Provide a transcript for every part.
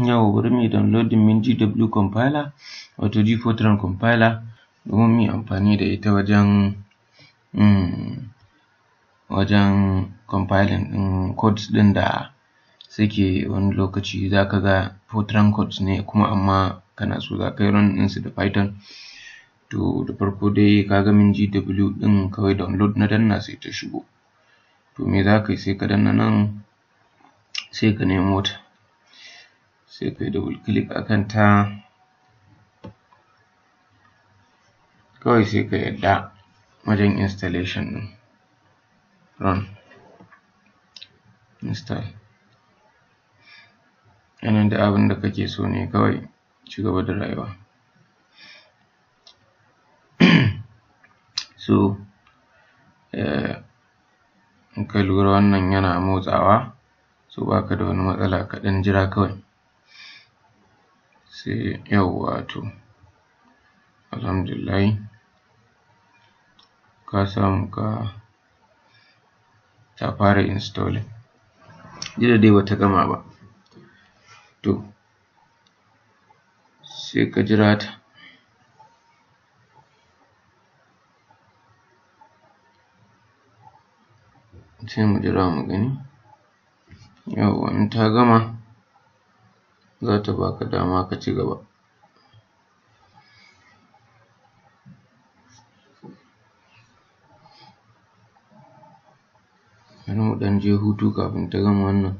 Yau bari mu yi downloading min GW compiler wato G Fortran compiler domin mu amfani da ita wajen um, wajen compiling ɗin codes ɗin da suke wani lokaci za ka ga Fortran codes ne kuma amma kana so za ka yi run ɗinsu da Python. To da farko dai ka ga min GW ɗin kawai download na danna sai ta shigo. To me za ka yi sai ka danna nan sai ka nemo ta. sai kai double click a kanta kawai sai ka yadda wajen installation ɗin run install yanayin da abin da kake so ne kawai ci gaba da rayuwa so eh, in ka lura wannan yana motsawa so baka da wani matsala kaɗan jira kawai sai yawwa to alhamdulillahi ka samu ka ta fara installing duk dai bata gama ba to sai ka jira ta sai mu jira mu gani yawwa in ta gama za ta ka dama ka ci gaba. Bari mu ɗan je hutu kafin ta gama wannan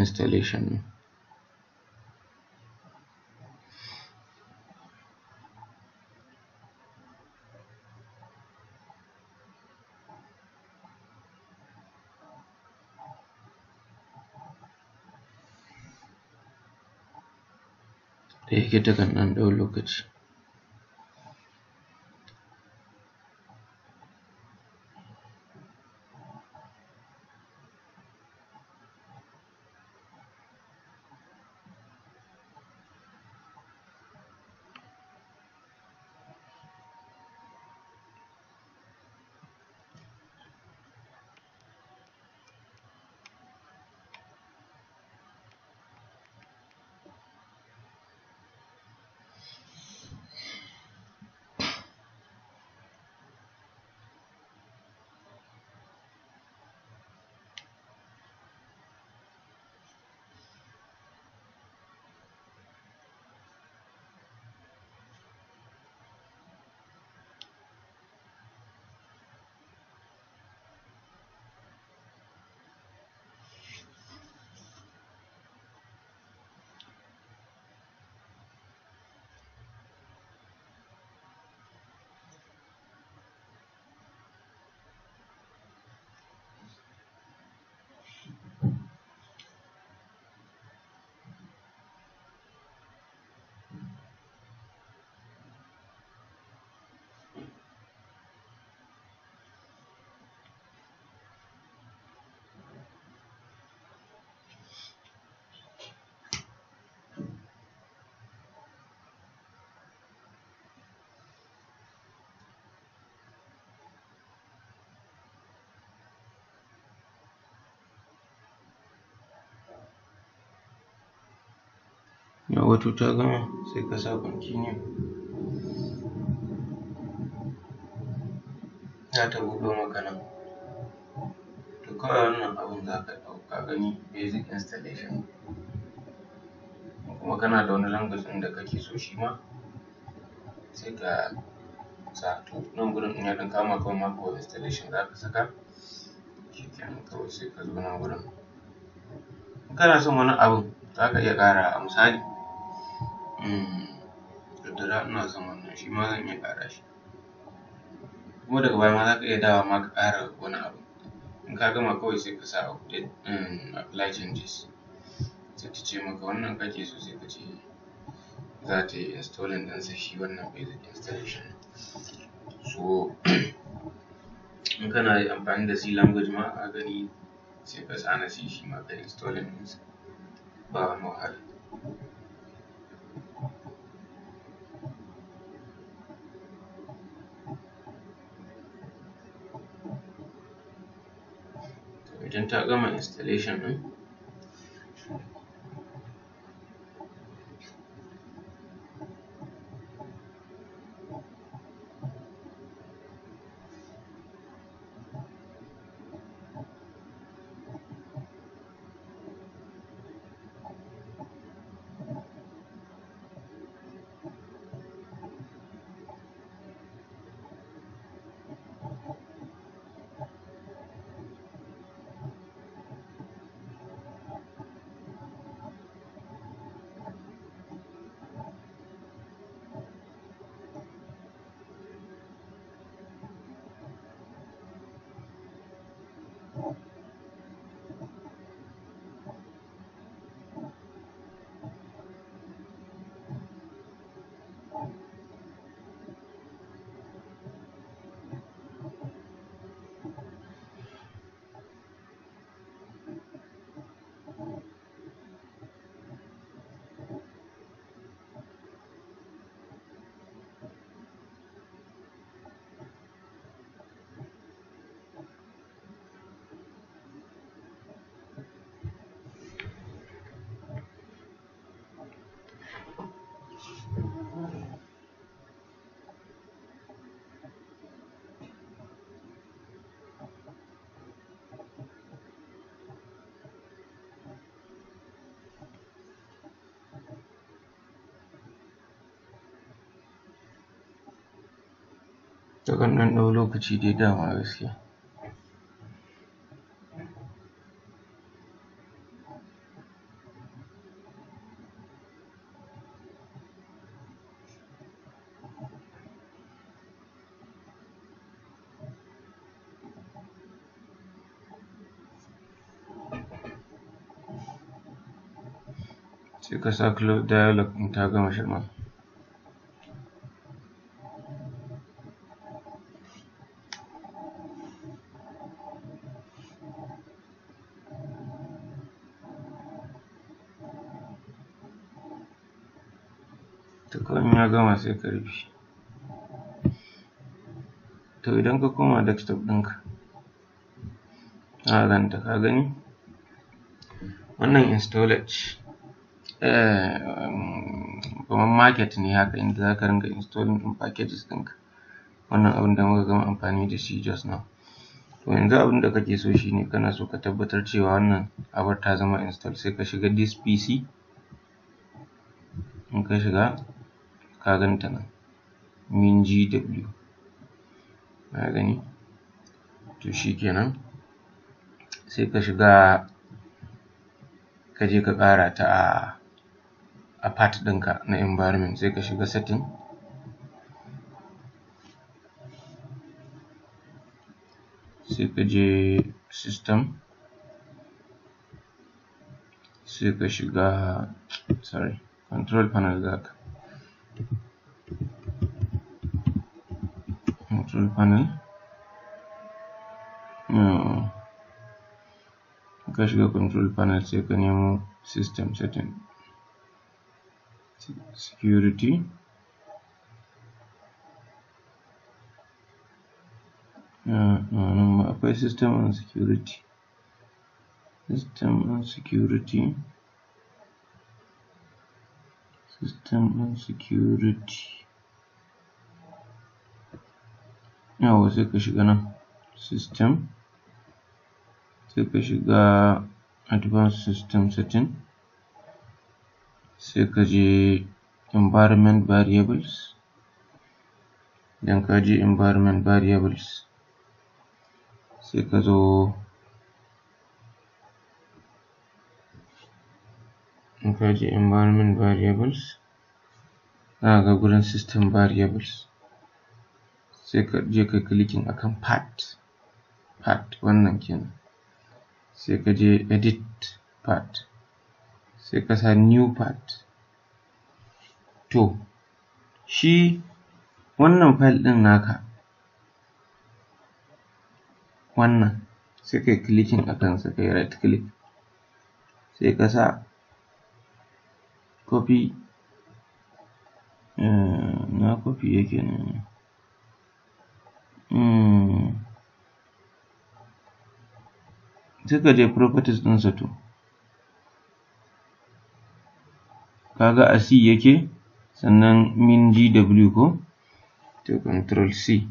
installation ɗin. da yake takan ɗan ɗau lokaci yawa to ta gama sai ka sa continue za ta buɗo maka nan to kawai wannan abun za ka ɗauka gani basic installation kuma kana da wani language ɗin da kake so shi ma sai ka sa to nan gurin in ya ɗan kama kawai ma installation za ka saka shikenan kawai sai ka zo nan gurin in kana son wani abun za ka iya ƙara a misali Mm. daddara ina son wannan shi ma zan iya ƙara shi kuma daga baya ma za ka iya dawa ma ka ƙara wani abu in ka gama kawai sai ka sa mm, apply changes sai ta ce maka wannan kake so sai ka ce za ta yi installing ɗinsa shi wannan basic installation so in kana amfani da C language ma a gani sai ka sa na C shi ma ka installing ɗinsa ba wani wahala idan ta gama installation ɗin takan ɗan ɗau lokaci dai dama gaskiya sai ka sa dialog ta gama shirma to in ya gama sai ka rufe to idan ka koma desktop ɗinka a zanta ka gani wannan installer ce kamar eh, um, market ne haka inda za ka ringa installing ɗin packages ɗinka wannan abin da muka gama amfani da shi just now to yanzu abin da kake so shine kana so ka tabbatar cewa wannan abar ta zama install sai ka shiga this pc in ka shiga ka ganta nan min gw ka gani to shikenan sai ka shiga ka je ka ƙara ta a a part ɗinka na environment sai ka shiga setting sai ka je system sai ka shiga sorry control panel zaka control panel no. kash ga control panel se ka nemo system setting security no apa system on security system on security system on security yawwa sai ka shiga nan system sai ka shiga advanced system setting sai ka je environment variables idan ka je environment variables sai ka zo in ka je environment variables za ka ga gurin system variables sai ka je kai clicking akan part part wannan kenan sai ka je edit part sai ka sa new part to shi wannan file ɗin naka wannan sai kai clicking a ka kai right click sai ka sa copy eh, na copy yake nan Mm. sai je properties ɗinsa to ga a c yake sannan min gw ko to control c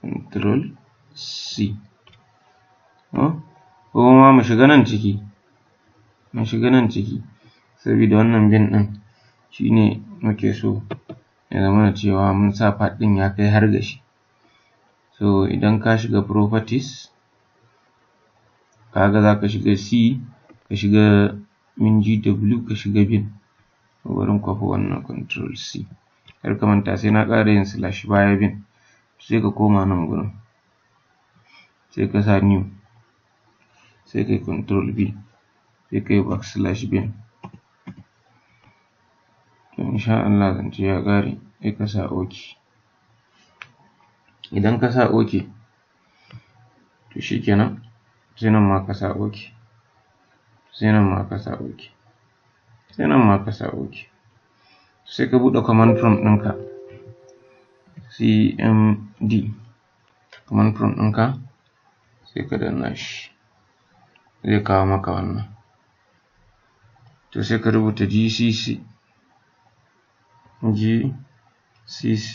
control c oh, ko kuma mu shiga nan ciki mu shiga nan ciki saboda wannan bin ɗin shine muke so ya zamana cewa mun sa ɗin ya kai har ga shi so idan ka shiga properties ga za ka shiga c ka shiga min gw ka shiga bin barin kwafi wannan control c kar ka manta sai na ƙara yin slash baya bin sai ka koma nan gurin sai ka sa new sai ka yi control b sai ka yi back slash bin to insha Allah zance ya ƙare sai ka sa ok idan ka sa ok to shi kenan sai nan ma ka sa ok sai nan ma ka sa ok sai nan ma ka sa ok sai ka buɗe command prompt ɗinka cmd command prompt ɗinka sai ka danna shi zai kawo maka wannan to sai ka rubuta gcc gcc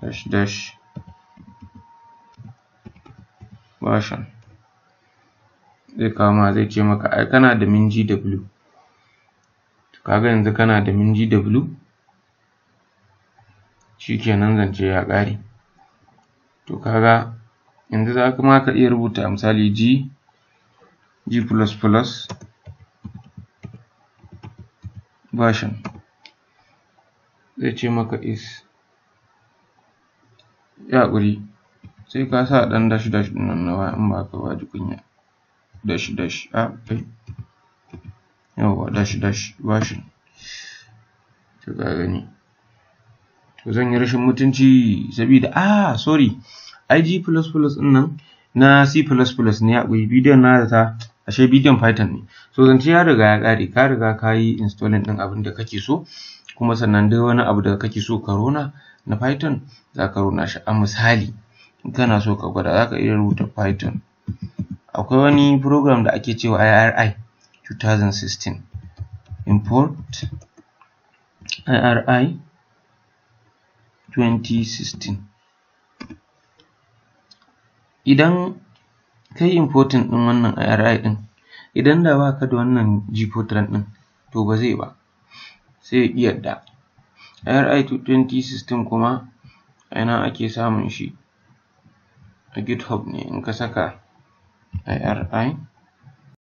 dash dash version zai kama zai ce maka ai kana da min GW to kaga yanzu kana da min GW shikenan zance ya ƙare to kaga yanzu za ka ma ka iya rubuta misali G G++ version zai ce maka is Ya haƙuri sai ka sa ɗan dash dash ɗin nan na baya in ba haka ba dash a kai yawwa dash dash to ka gani to zan yi rashin mutunci sabida ah sorry ig++ ɗin nan na c++ ne ya ƙuri bidiyon na da ta ashe bidiyon python ne so zance ya riga ya ƙare ka riga ka yi installing ɗin abin da kake so kuma sannan dai wani abu da kake so ka rona na python za ka rona shi a misali in kana so ka gwada za ka iya rubuta python akwai wani program da ake cewa iri 2016 import iri 2016 idan ka yi importing ɗin wannan iri ɗin idan da ba ka da wannan gfortran ɗin to ba zai ba sai ya ƙi yarda ri220 system kuma a ina ake samun shi a github ne in ka saka ari?